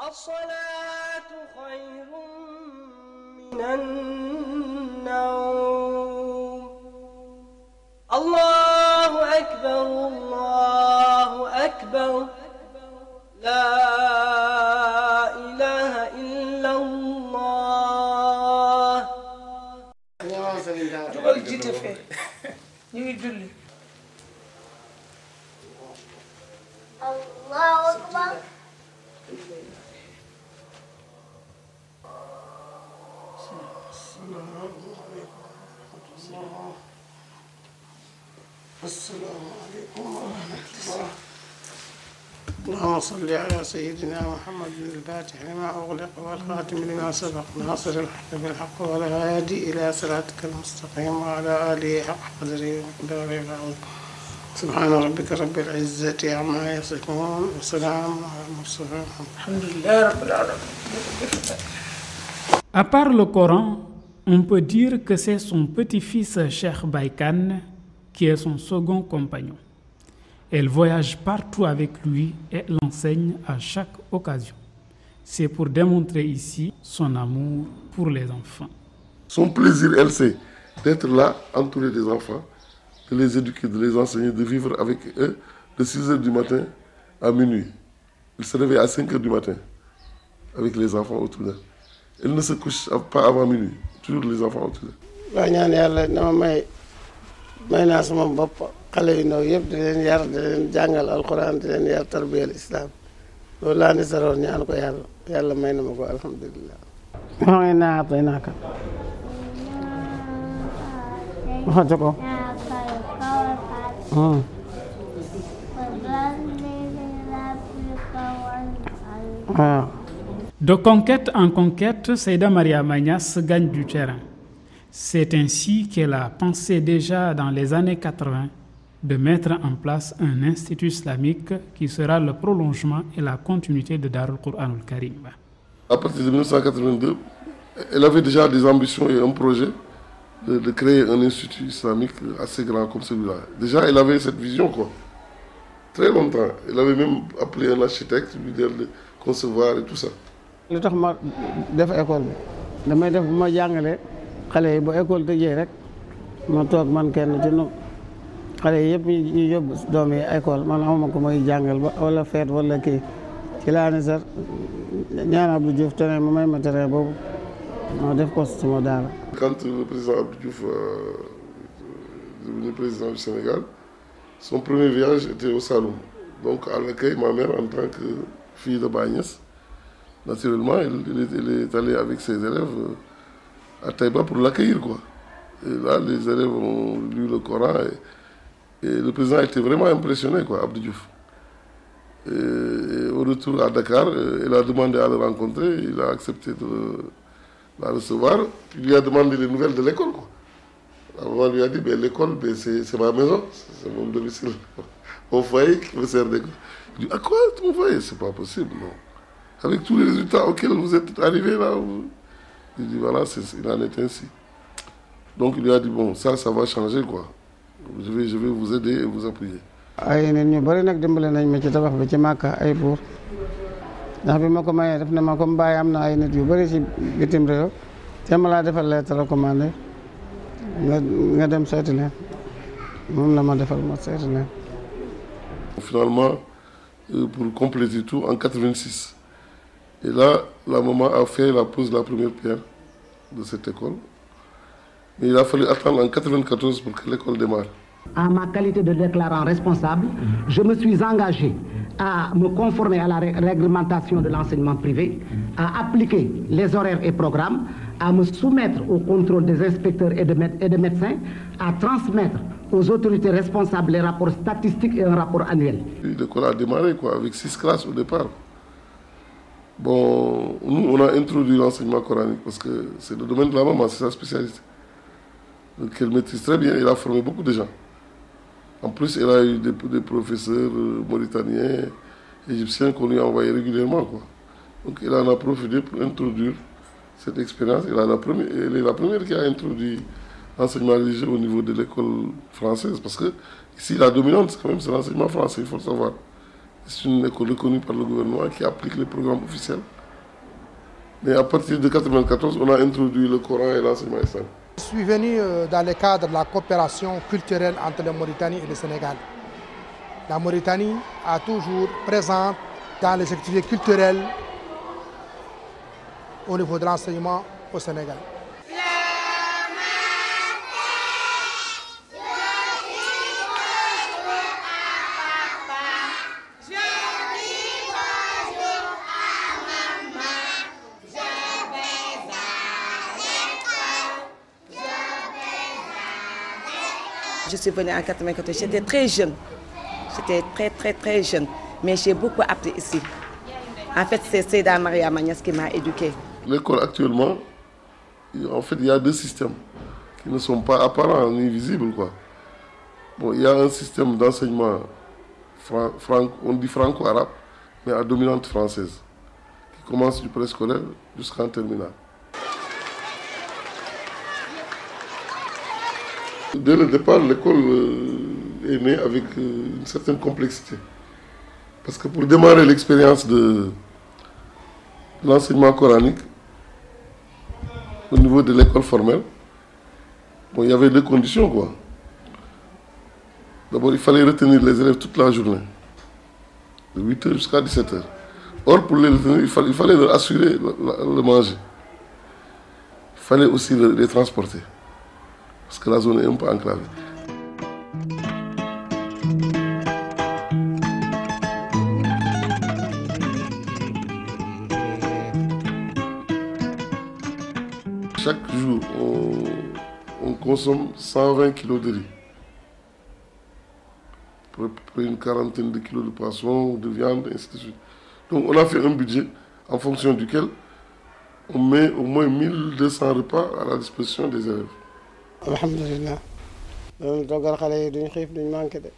as-salaatu xayrun minan nawm allahu akbar allahu akbar laa الجلي الله أكبر السلام عليكم ورحمة الله اللهم صل على سيدنا محمد الفاتح لما أغلق والخاتم لما سبق ناصر الحق بالحق والهادي إلى صراطك المستقيم وعلى آله حق قدره ومقداره العظيم سبحان ربك رب العزة عما يصفون وسلام على المرسلين الحمد لله رب العالمين À part le Coran, on peut dire que c'est son petit-fils Cheikh Baïkan qui est son second compagnon. Elle voyage partout avec lui et l'enseigne à chaque occasion. C'est pour démontrer ici son amour pour les enfants. Son plaisir, elle sait, d'être là, entourée des enfants, de les éduquer, de les enseigner, de vivre avec eux de 6 h du matin à minuit. Il se réveille à 5 h du matin avec les enfants autour d'elle. Elle ne se couche pas avant minuit, toujours les enfants autour d'elle. mayna sama bop xalé yi ndaw yépp di leen yar di leen jàngal alquran di leen yar tarbiya islam loolu laa ne saroon ñaan ko yàlla yàlla may na ma ko alhamdulilah mooy naa tey naa ka waxati ko hmm. de conquête en conquête Seyda Maria Magnas gagne du terrain C'est ainsi qu'elle a pensé déjà dans les années 80 de mettre en place un institut islamique qui sera le prolongement et la continuité de Darul Qur'an al-Karim. À partir de 1982, elle avait déjà des ambitions et un projet de, créer un institut islamique assez grand comme celui-là. Déjà, elle avait cette vision, quoi. Très longtemps. Elle avait même appelé un architecte, lui dire de concevoir et tout ça xale yi bu école tëjee rek ma tok man kenn ci nu xale yi yëpp ñu yóbbu doom école man amuma ko may jangal ba wala fête wala ki ci laa ne sax ñaan Abdou Diouf terrain ma may ma terrain boobu ma def ko suma dara quand le président Abdou Diouf est euh, devenu président du Sénégal son premier voyage était au Saloum donc à l'accueil ma mère en tant que fille de Bagnès, naturellement il, il est allé avec ses élèves. Euh, à Taïba pour l'accueillir. quoi. Et là, les élèves ont lu le Coran et, le président était vraiment impressionné, quoi, Abdou Diouf. Et, au retour à Dakar, euh, il a demandé à le rencontrer, il a accepté de, la recevoir, il lui a demandé les nouvelles de l'école. quoi. La maman lui a dit, ben, l'école, ben, c'est ma maison, c'est mon domicile, mon [LAUGHS] foyer qui me sert d'école. Il dit, à quoi ton foyer C'est pas possible, non. Avec tous les résultats auxquels vous êtes arrivés là, il dit voilà, il en est ainsi. Donc il lui a dit bon, ça, ça va changer quoi. Je vais, je vais vous aider et vous appuyer. ay neen ñu bari nag dimbale nañ ma ci tabax bi ci màkka ay buur ndax bi ma ko mayee def na ma comme bàyyi am na ay nit yu bari ci bitim réew te ma laa defal lettre recommandée nga nga dem seeti leen moom la ma defal ma seeti leen. finalement euh, pour compléter tout en 86 et là la maman a fait la pose de la première pierre de cette école. Mais il a fallu attendre en 1994 pour que l'école démarre. En ma qualité de déclarant responsable, je me suis engagé à me conformer à la réglementation de l'enseignement privé, à appliquer les horaires et programmes, à me soumettre au contrôle des inspecteurs et des médecins, à transmettre aux autorités responsables les rapports statistiques et un rapport annuel. L'école a démarré quoi, avec six classes au départ. Bon, nous, on a introduit l'enseignement coranique parce que c'est le domaine de la maman, c'est sa spécialité. Donc, elle maîtrise très bien, elle a formé beaucoup de gens. En plus, elle a eu des, professeurs euh, mauritaniens, égyptiens qu'on lui a envoyés régulièrement. Quoi. Donc, elle en a profité pour introduire cette expérience. Elle, la première, elle est la première qui a introduit l'enseignement religieux au niveau de l'école française parce que ici, la dominante, quand même, c'est l'enseignement français, il faut le savoir c'est une école reconnue par le gouvernement qui applique les programmes officiels. Mais à partir de 1994, on a introduit le Coran et l'enseignement Je suis venu euh, dans le cadre de la coopération culturelle entre la Mauritanie et le Sénégal. La Mauritanie a toujours présente dans les activités culturelles au niveau de l'enseignement au Sénégal. je suis venue en 94. J'étais très jeune. J'étais très, très, très jeune. Mais j'ai beaucoup appris ici. En fait, c'est Seda Maria Magnas qui m'a éduquée. L'école actuellement, en fait, il y a deux systèmes qui ne sont pas apparents ni visibles. Quoi. Bon, il y a un système d'enseignement, on dit franco-arabe, mais à dominante française, qui commence du préscolaire jusqu'en terminale. Dès le départ, l'école euh, est née avec euh, une certaine complexité. Parce que pour démarrer l'expérience de l'enseignement coranique au niveau de l'école formelle, il y avait deux conditions. D'abord, il fallait retenir les élèves toute la journée, de 8h jusqu'à 17h. Or, pour les retenir, il fallait, leur assurer le, le manger. Il fallait aussi les transporter parce que la zone est un peu enclavée. Chaque jour, on, consomme 120 kg de riz près une quarantaine de kilos de poisson, de viande, ainsi Donc on a fait un budget en fonction duquel on met au moins 1200 repas à la disposition des élèves. alhamdulilah. danañ toggal xale yi duñ xiif duñ manqué de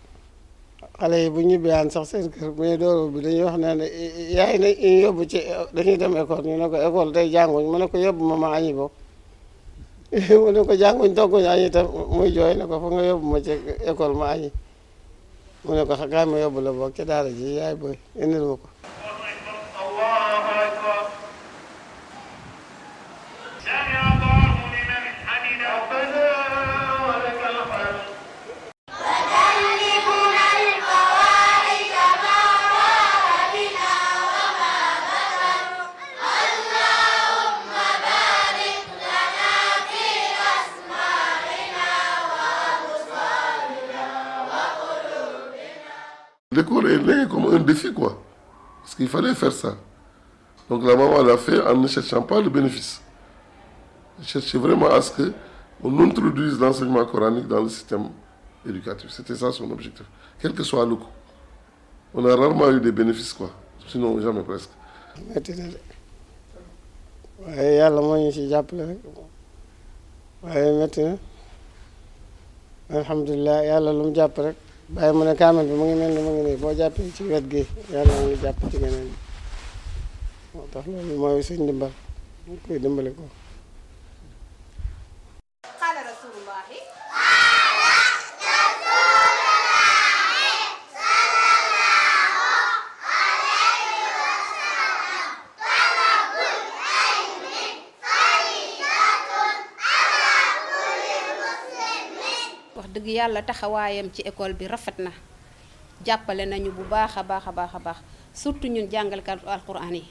xale yi bu ñibbiyaan sax seen kër mais dooru bi dañuy wax ne ne yaay na yóbbu ci dañuy dem école ñu ne ko école tey jànguñ mu ko yóbbu ma ma añi boobu [LAUGHS] mu ne ko jànguñ togguñ añi tam muy jooy ne ko fa nga yóbbu ma ci école ma añi mu ne ko xagaay ma yóbbu la boog ca daara ji yaay booy indil ma ko Le cours est comme un défi, quoi. Parce qu'il fallait faire ça. Donc la maman l'a fait en ne cherchant pas le bénéfice. Elle cherchait vraiment à ce qu'on introduise l'enseignement coranique dans le système éducatif. C'était ça son objectif. Quel que soit le coût. On a rarement eu des bénéfices, quoi. Sinon, jamais presque. Alhamdulillah, bàyyi mu ne kaamel bi mu ngi mel ni mu ngi nii boo jàppee ci wet gi yàlla mu ngi jàpp ci geneen moo tax loolu mooy suñ ndimbal ñu koy dimbali ko yalla taxawayam ci école bi rafetna na nañu bu baakha baakha baakha a baax surtout ñun jàngalkatu alquran yi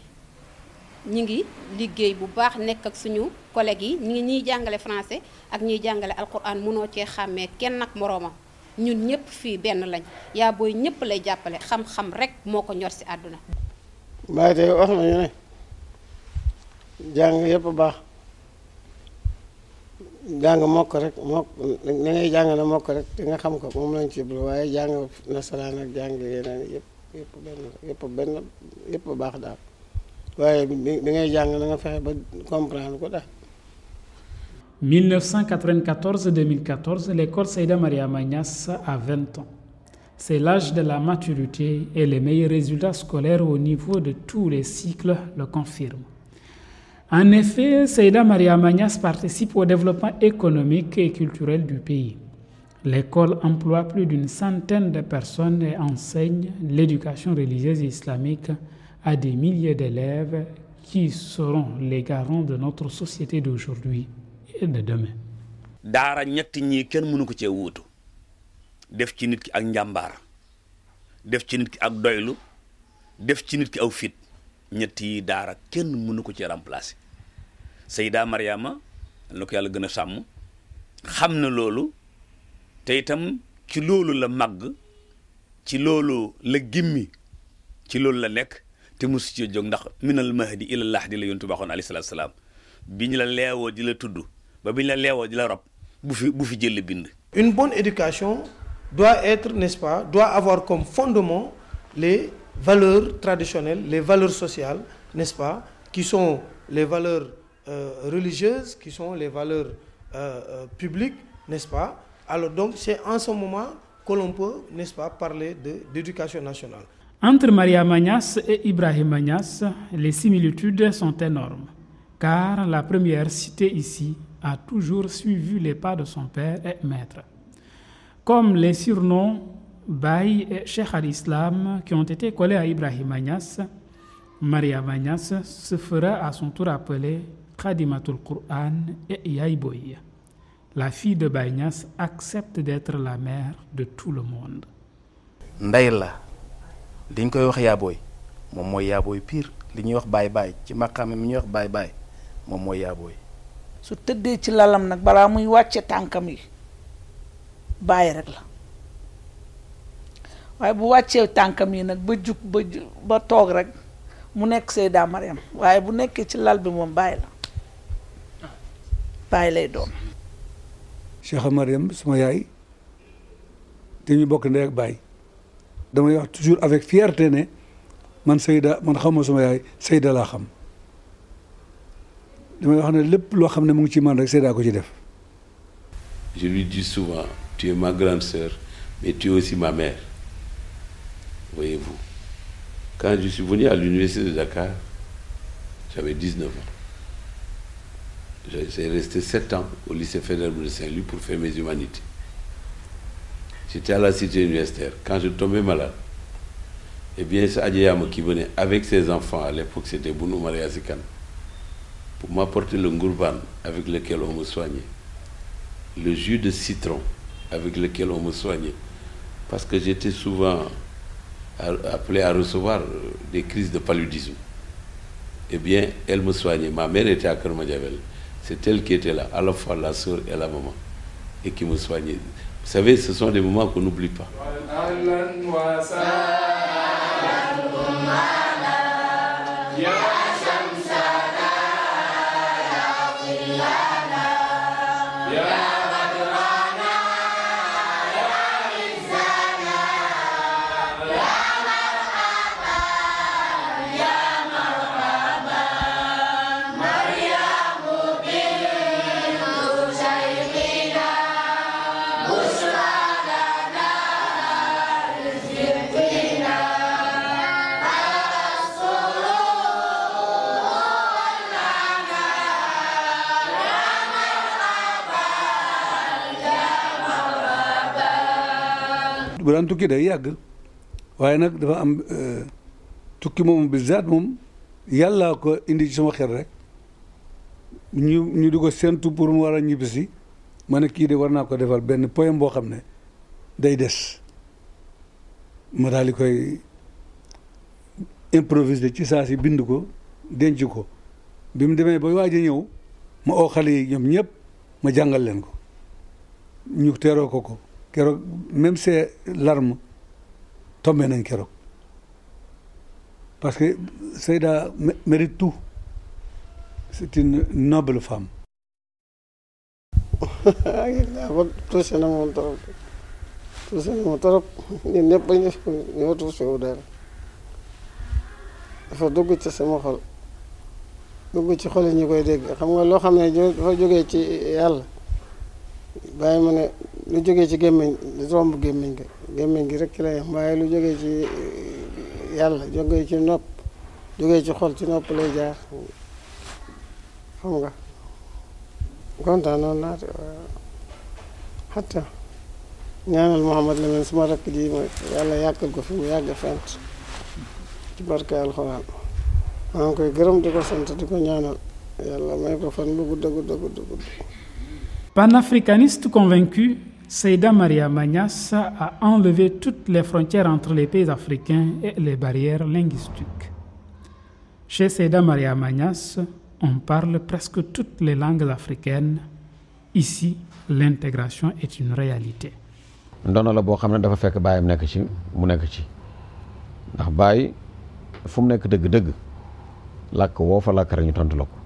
ñi ngi liggey bu baax nek ak suñu collègue yi ñi ngi ñiy jàngale français ak ñi jangalé alquran mëno ci xamé kenn nak moroma ñun ñepp fi ben lañ ya boy ñepp lay jappalé xam-xam rek moko ñor ci aduna Mbaye tay wax ñu ne jang yépp baax. jàng mokk rek mokk li ngay jang na mokk rek nga xam ko mom lañ ci bul waaye jàng nasaraan ak jang yeneen yep yep ben yep ben yep bax da waye ngay jang nga fexé ba comprendre ko da 1994-2014, l'école Saïda Maria Magnas a 20 ans. C'est l'âge de la maturité et les meilleurs résultats scolaires au niveau de tous les cycles le confirment. En effet, Seyda Maria Magnas participe au développement économique et culturel du pays. L'école emploie plus d'une centaine de personnes et enseigne l'éducation religieuse islamique à des milliers d'élèves qui seront les garants de notre société d'aujourd'hui et de demain. daara ñett ñi kenn mënu ko ci wuutu def ci nit ki ak njàmbaar def ci nit ki ak doylu def ci nit ki aw fit ñett yi daara kenn mënu ko ci remplacer Sayda Mariama na ko yàlla gën a sàmm xam te itam ci lolu la mag ci lolu la gimmi ci lolu la nek te mosu ci jóg ndax minal mahdi ila lahdi la yontu baxoon ali salaatu alayhi bi biñ la lewo di la tuddu ba biñ la lewo di la rob bu fi bu fi jël bind. une bonne éducation doit être n'est-ce pas doit avoir comme fondement les valeurs traditionnelles les valeurs sociales n'est-ce pas qui sont les valeurs euh, religieuses, qui sont les valeurs euh, euh, publiques, n'est-ce pas Alors donc c'est en ce moment que l'on peut, n'est-ce pas, parler d'éducation nationale. Entre Maria Magnas et Ibrahim Magnas, les similitudes sont énormes, car la première citée ici a toujours suivi les pas de son père et maître. Comme les surnoms Baï et Cheikh al-Islam qui ont été collés à Ibrahim Magnas, Maria Magnas se fera à son tour appeler Khadimatul Qur'an et Yaïboïa. La fille de Baynas accepte d'être la mère de tout le monde. ndey la li koy wax yaabooy moom mooy yaabooy pire liñ wax Bay Bay ci maqaam mi ñuy wax Bay baay moom mooy yaabooy su teddé ci lalam nag balaa muy wàcce tankam yi bàyyi rek la waaye bu wàccee tankam yi nak ba juk ba ba tok rek mu nekk Seyda Mariam waye bu nekk ci lal bi mom bàyyi la bàyyi lay doon. Cheikh Mariam suma yaay dañuy bokk ndey ak baay damay wax toujours avec fierté né man Seyda man xaw ma yaay Seyda la xam damay wax né lepp lo xamné mo ngi ci man rek Seyda ko ci def. Je lui dis souvent tu es ma grande sœur mais tu es aussi ma mère voyez-vous quand je suis venu à l'université de Dakar j'avais 19 ans. J'ai resté sept ans au lycée fédéral de Saint-Louis pour faire mes humanités. J'étais à la cité universitaire. Quand je tombais malade, eh bien, c'est Adiyama qui venait avec ses enfants. À l'époque, c'était Bounou Maria Pour m'apporter le ngourban avec lequel on me soignait. Le jus de citron avec lequel on me soignait. Parce que j'étais souvent appelé à recevoir des crises de paludisme. Eh bien, elle me soignait. Ma mère était à Kermadjavel. C'est elle qui était là, à la fois la soeur et la maman, et qui me soignait. Vous savez, ce sont des moments qu'on n'oublie pas. bu daan tukki day yàgg waaye nag dafa am euh, tukki moom bizaat moom yàlla ko indi ci sama rek ñu ñu di ko séntu pour mu war a ñibbisi ma ne kii de war naa ko defal benn poème boo xam ne day des ma daal di koy improviser ci saa si bind ko denc ko bi mu demee ba waaje a ñëw ma oo xale yi ñoom ñëpp ma jàngal leen ko ñu teeroo ko ko keroog même ses larmes tombé nañ keroog parce que Seyda mérite tout c'est une noble femme. waaw [LAUGHS] touché na moom trop touché na moom trop ñun ñëpp bañ a ñoo touché wu daal dafa dugg ci sama xol dugg ci xol ñu koy dégg xam nga loo xam ne dafa jógee ci yàlla bàyyi ma ne. lu jógee ci gémmiñ romb gémmiñ ga gémmiñ gi rek ci waaye lu jógee ci eh, yàlla jógee ci nopp jógee ci xol ci nopp lay jaar xam nga kontaan noonu laa xatta ñaanal Mouhamad Lamine suma rakk ji ma yàlla yàkkal ko fi mu yàgg fent ci barke alxuraan maa ngi koy gërëm di ko sant di ko ñaanal yàlla may ko fan lu gudd a gudd gudd gudd panafricaniste convaincu Saïda Maria Magnas a enlevé toutes les frontières entre les pays africains et les barrières linguistiques. Chez Saïda Maria Magnas, on parle presque toutes les langues africaines. Ici, l'intégration est une réalité. ndono la ne dafa fekk baayam nekk ci mu nekk ci ndax baay fu mu nekk dëgg-dëgg làkk fa lak rek ñu tontu la ko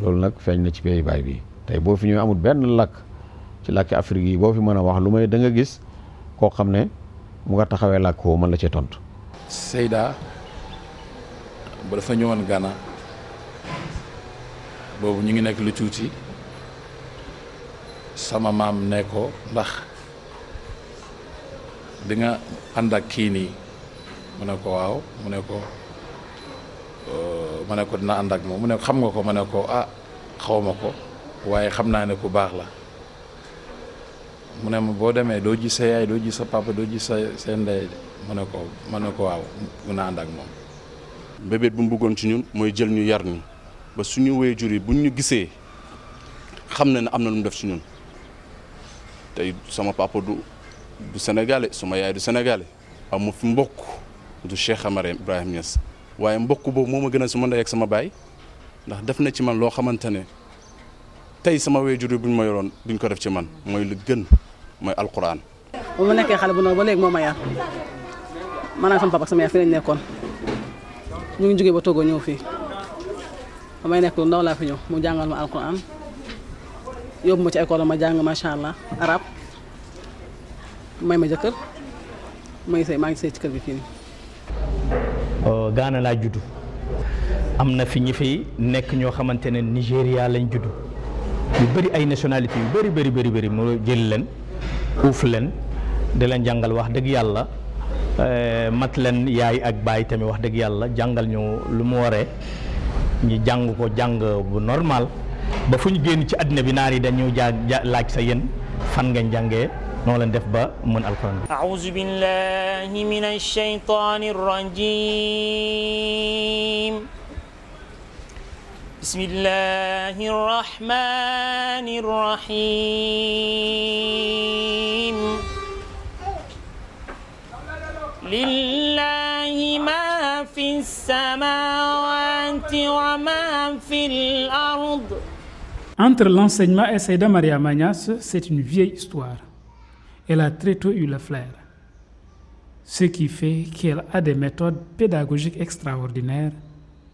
loolu nag na ci pays bay bi tay bo fi ñëwee amul ben lak ci làkki Afrique yi boo fi mën a wax lu may da nga gis koo xam ne mu nga taxawee làkk woo mën la ci tontu. Seyda ba dafa ñëwoon Ghana boobu ñu ngi nekk lu tuuti sama maam nekkoo ndax dinga nga ànd ak kii nii mu ne ko waaw mu ne ko euh, ma ne ko dina ànd ak moom mu ne xam nga ko ma ne ko ah xaw ma ko waaye xam naa ne ku baax la. mu ne ma boo demee doo gis sa yaay doo gis sa papa doo gis sa seen ndey ma ne ko ma ne ko waaw mun ak moom. mbébét bu mu bëggoon ci ñun mooy jël ñu yar ñu ba su suñu waajur yi buñ ñu gisee xam na ne am na lu mu def ci ñun tey sama papa du du sénégalais suma yaay du sénégalais amu fi mbokk du Cheikh Amar Ibrahim Niass waaye mbokk boobu moo ma gën a ma ndey ak sama baay ndax def na ci man loo xamante ne. tey sama waajur bu ñu ma yoroon duñ ko def ci man mooy lu gën mooy alquran. ba mu nekkee xale bu ndaw ba léegi moo ma yar maanaam sama papa sama yaay fi lañ nekkoon ñu ngi jógee ba Togo ñëw fii ba may nekk lu ndaw laa fi ñëw mu jàngal ma alquran yóbbu ma ci école ma jàng macha allah arab may ma jëkkër may sëy maa ngi sëy ci kër gi fii nii. Euh, Gaana laa juddu am na fi ñi fi nekk ñoo xamante ne Nigéria lañ juddu. yu bari ay nationalité yu bari bari bari bari mo jël leen ouf leen de leen jangal wax yalla euh mat leen yaay ak baay tammi wax deug yalla jangal ñu lu mu waré ñi jang ko jang bu normal ba fuñu genn ci aduna bi naari dañu jaa laaj sa yeen fan nga jangé no leen def ba mën alquran bi billahi minash shaitanir rajim anti wa Entre l'enseignement et Saïda Maria Magnas, c'est une vieille histoire. Elle a très tôt eu le flair. Ce qui fait qu'elle a des méthodes pédagogiques extraordinaires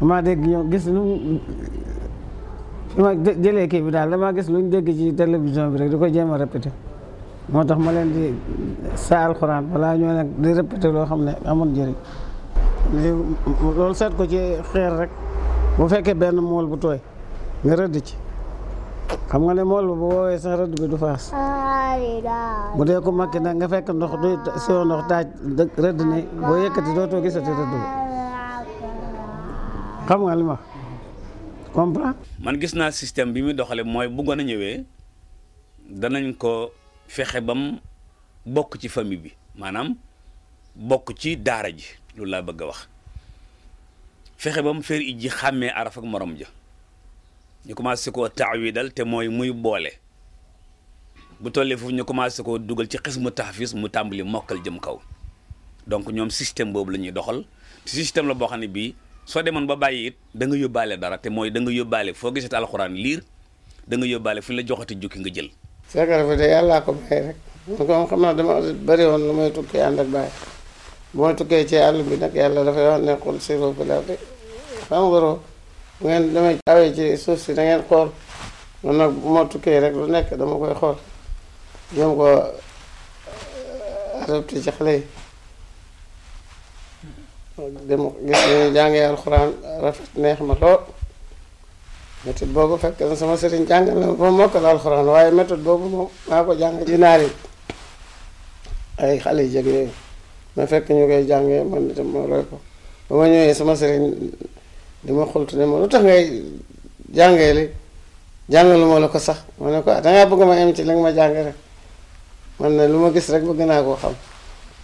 damaa dégg ñoom gis lu ma jëlee kii bi daal damaa gis luñ dégg ci télévision bi rek di ko jéem a répété moo tax ma leen di sa alxuraan balaa ñoo nag di répété loo xam ne amoon njëriñ loolu seet ko ci xeer rek bu fekkee benn mool bu tooy nga rëdd ci xam nga ne mool bu woowee sax rëdd bi du faas bu dee ku makki nag nga fekk ndox du soo ndox taaj rëdd ne boo yëkkati dootoo gisati rëdd bi xam nga li ma man gis naa système bi muy doxale mooy bu a ñëwee danañ ko fexe bam bokk ci famille bi maanaam bokk ci daara ji loolu laa bëgg a wax fexe bam fer ij ji xàmmee araf ak morom ja ñu commencé koo taawidal te mooy muy boole bu tollee foofu ñu commencé ko dugal ci xes mu tahfiis mu tàmbali mokkal jëm kaw donc ñoom système boobu la ñuy doxal système la boo xam ne bii soo demoon ba bàyyi danga yóbbaale dara te mooy danga yóbbaale foo gisati alxuraan liir danga yóbbaale fu ñu la joxati jukki nga jël. seekar bi de yàllaa ko may rek man ko xam naa dama bëri woon lu may tukkee ànd ak bàyyi tukkee ci àll bi nag yàlla dafay wax ne xul siro bi la de xam nga ngeen damay rek lu nekk dama koy xool ñoom ko eh, adopté ci xale yi. dem gis ñu jàngee alxuraan rafet neex ma lool méthode boobu fekk na sama sëriñ jàngal na ba mokkal alxuraan waaye méthode boobu moom maa ko jàng ci yi ay xale yu jëg yooyu ma fekk ñu koy jàngee man itam ko ba ma ñëwee sama sëriñ di ne lu tax ngay jàngee li jàngalu ma ko sax ma ne ko ah, dangaa bëgg ma yem ma jàng rek lu ma gis rek bëgg naa koo xam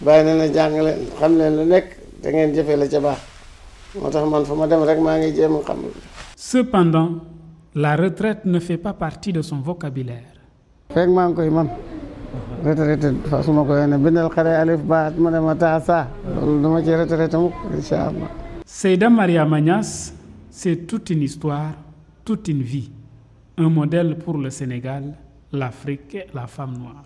bàyyi na ne jàng leen xam leen lu nekk cependant la retraite ne fait pas partie de son vocabulaire. c'est toute une histoire toute une vie un modèle pour le Sénégal l'Afrique et la femme noire.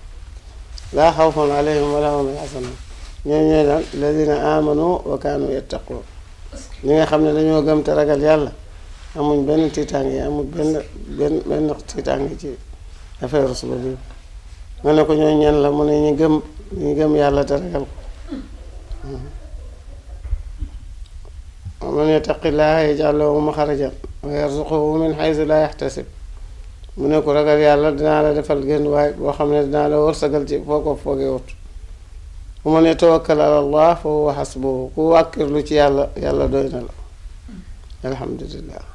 لا خوف عليهم ولا هم يحزنون ني الذين امنوا وكانوا يتقون ني خا خني دانيو گم ترغال يالا امون بن تيتاني امون بن بن بن تيتاني تي افير رسول الله مانكو ني نين لا موني ني گم ني گم يالا ترغال ومن يتق الله يجعل له مخرجا ويرزقه من حيث لا يحتسب mu ne ko ragal yàlla dinaa la defal genn waaye boo xam ne dinaa la wërsagal ci foo ko foogee wut bu ma ne tawakkal ala foo waxas huwa hasbuhu ku wàkkirlu ci yàlla yàlla doy na la hmm. alhamdulillah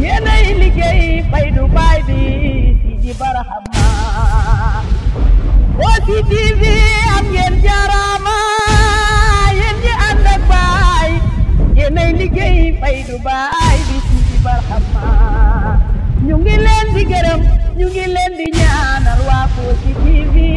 yéenay liggéey bay du bay ji barahama Kossy TV am ngeen jarama yéen ñi ànd ak baay yéenay liggéey fay du baay bi ci ji barahama ñu ngi leen di gërëm ñu ngi leen di